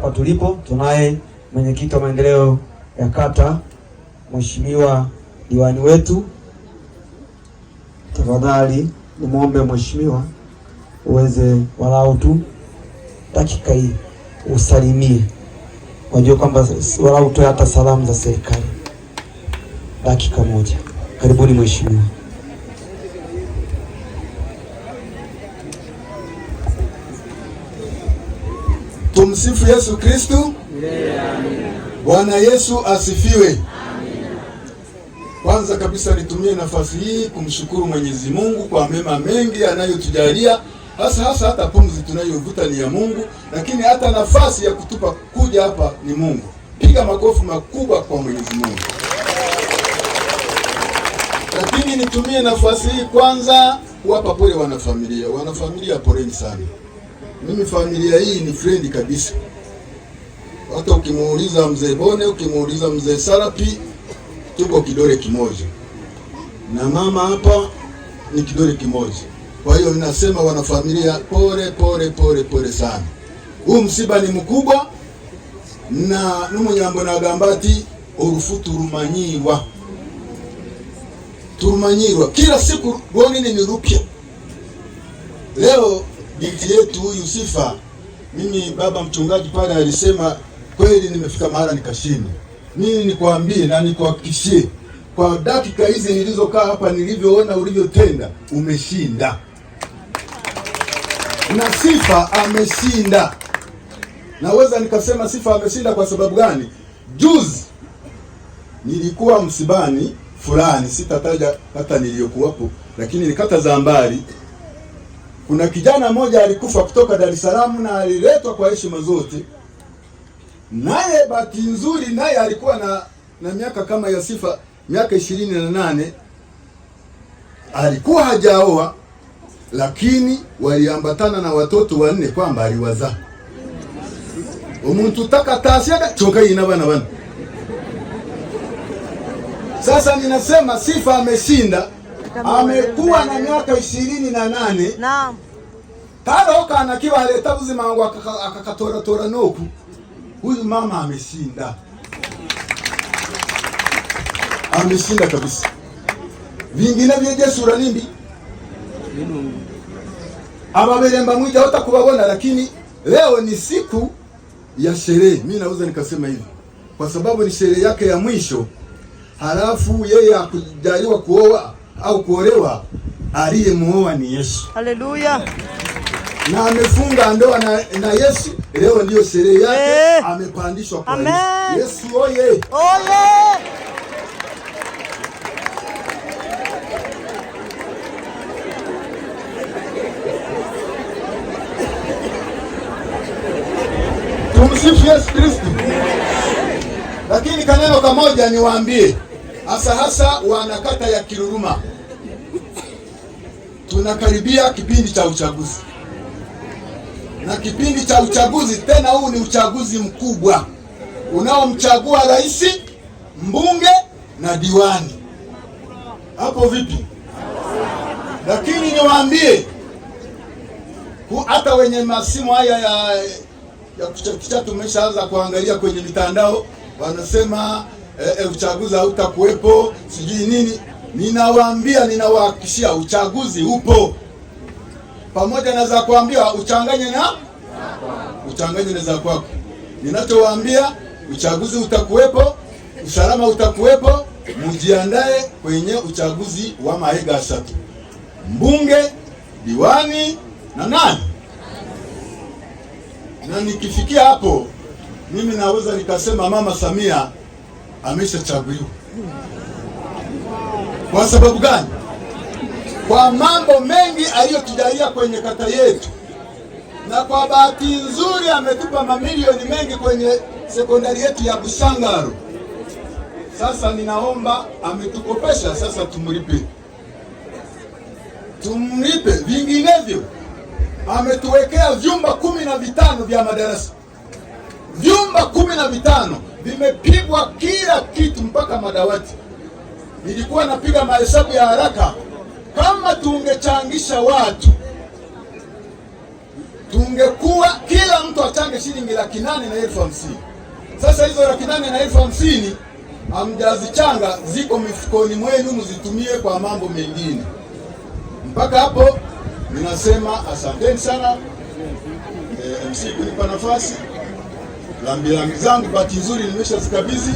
Hapa tulipo tunaye mwenyekiti wa maendeleo ya kata, mheshimiwa diwani wetu. Tafadhali nimwombe mheshimiwa uweze walau tu dakika hii usalimie, wajue kwamba walau tu hata salamu za serikali. Dakika moja, karibuni mheshimiwa. Tumsifu Yesu Kristu. Bwana Yesu asifiwe. Amen. Kwanza kabisa nitumie nafasi hii kumshukuru Mwenyezi Mungu kwa mema mengi anayotujalia hasa hasa, hata pumzi tunayovuta ni ya Mungu, lakini hata nafasi ya kutupa kuja hapa ni Mungu. Piga makofi makubwa kwa Mwenyezi Mungu. Lakini nitumie nafasi hii kwanza kuwapa pole wanafamilia. Wanafamilia, poleni sana. Mimi familia hii ni friend kabisa. Hata ukimuuliza mzee Bone, ukimuuliza mzee Sarapi, tuko kidole kimoja, na mama hapa ni kidole kimoja. Kwa hiyo ninasema wanafamilia, pole pole pole pole sana. Huu msiba ni mkubwa, na numunyambo na gambati urufu turumanyiwa turumanyirwa kila siku rwonini ni rupya leo binti yetu huyu Sifa, mimi baba mchungaji pale alisema kweli, nimefika mahala nikashindwa. Mimi nikwambie na nikuhakikishie kwa dakika hizi nilizokaa hapa, nilivyoona ulivyotenda, umeshinda na Sifa ameshinda. Naweza nikasema Sifa ameshinda kwa sababu gani? Juzi nilikuwa msibani fulani, sitataja kata niliyokuwapo, lakini ni kata za mbali kuna kijana mmoja alikufa kutoka Dar es Salaam na aliletwa kwa heshima zote, naye bahati nzuri, naye alikuwa na na miaka kama ya sifa miaka ishirini na nane. Alikuwa hajaoa lakini waliambatana na watoto wanne kwamba umuntu omuntu takatasiaga choka ina bana bana. Sasa ninasema sifa ameshinda amekuwa na miaka ishirini na nane karokana kivaleta buzima wangu akakatoratora noku huyu mama ameshinda, ameshinda kabisa. Vingine vyejesura nimbi ababeremba mwija hata lakini leo ni siku ya sherehe. Mimi naweza nikasema hivi kwa sababu ni sherehe yake ya mwisho, halafu yeye akujaliwa kuoa au kuolewa, aliyemuoa ni Yesu. Haleluya! na amefunga ndoa na, na Yesu. Leo ndiyo sherehe yake hey. Eh. Amepandishwa kwa Amen. Yesu oye, oye. Tumsifu Yesu Kristo. Lakini kaneno kamoja niwaambie, hasa hasa wanakata ya Kiruruma tunakaribia kipindi cha uchaguzi, na kipindi cha uchaguzi tena, huu ni uchaguzi mkubwa unaomchagua rais, mbunge na diwani. Hapo vipi? Lakini niwaambie hata wenye masimu haya ya, ya kuchakicha tumeshaanza kuangalia kwenye mitandao wanasema e, e, uchaguzi hautakuwepo sijui nini. Ninawaambia, ninawahakikishia uchaguzi upo, pamoja na za kuambiwa uchanganye na uchanganye na za kwako. Ninachowaambia, uchaguzi utakuwepo, usalama utakuwepo, mujiandae kwenye uchaguzi wa maega asatu, mbunge, diwani na nani. Na nikifikia hapo, mimi naweza nikasema Mama Samia ameshachaguliwa. Kwa sababu gani? Kwa mambo mengi aliyotujalia kwenye kata yetu, na kwa bahati nzuri ametupa mamilioni mengi kwenye sekondari yetu ya Busangaro. Sasa ninaomba ametukopesha, sasa tumlipe, tumlipe, vinginevyo ametuwekea vyumba kumi na vitano vya madarasa. Vyumba kumi na vitano vimepigwa kila kitu mpaka madawati nilikuwa napiga mahesabu ya haraka, kama tungechangisha watu tungekuwa kila mtu achange shilingi laki nane na elfu hamsini. Sasa hizo laki nane na elfu hamsini hamjazichanga, ziko mifukoni mwenu, mzitumie kwa mambo mengine. Mpaka hapo ninasema asanteni sana e, MC kunipa nafasi. Lambilambi zangu bahati nzuri nimeshazikabidhi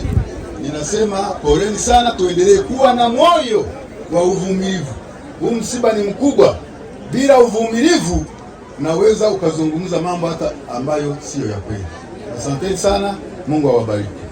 ninasema poleni sana, tuendelee kuwa na moyo wa uvumilivu. Huu msiba ni mkubwa, bila uvumilivu unaweza ukazungumza mambo hata ambayo siyo ya kweli. Asanteni sana, Mungu awabariki.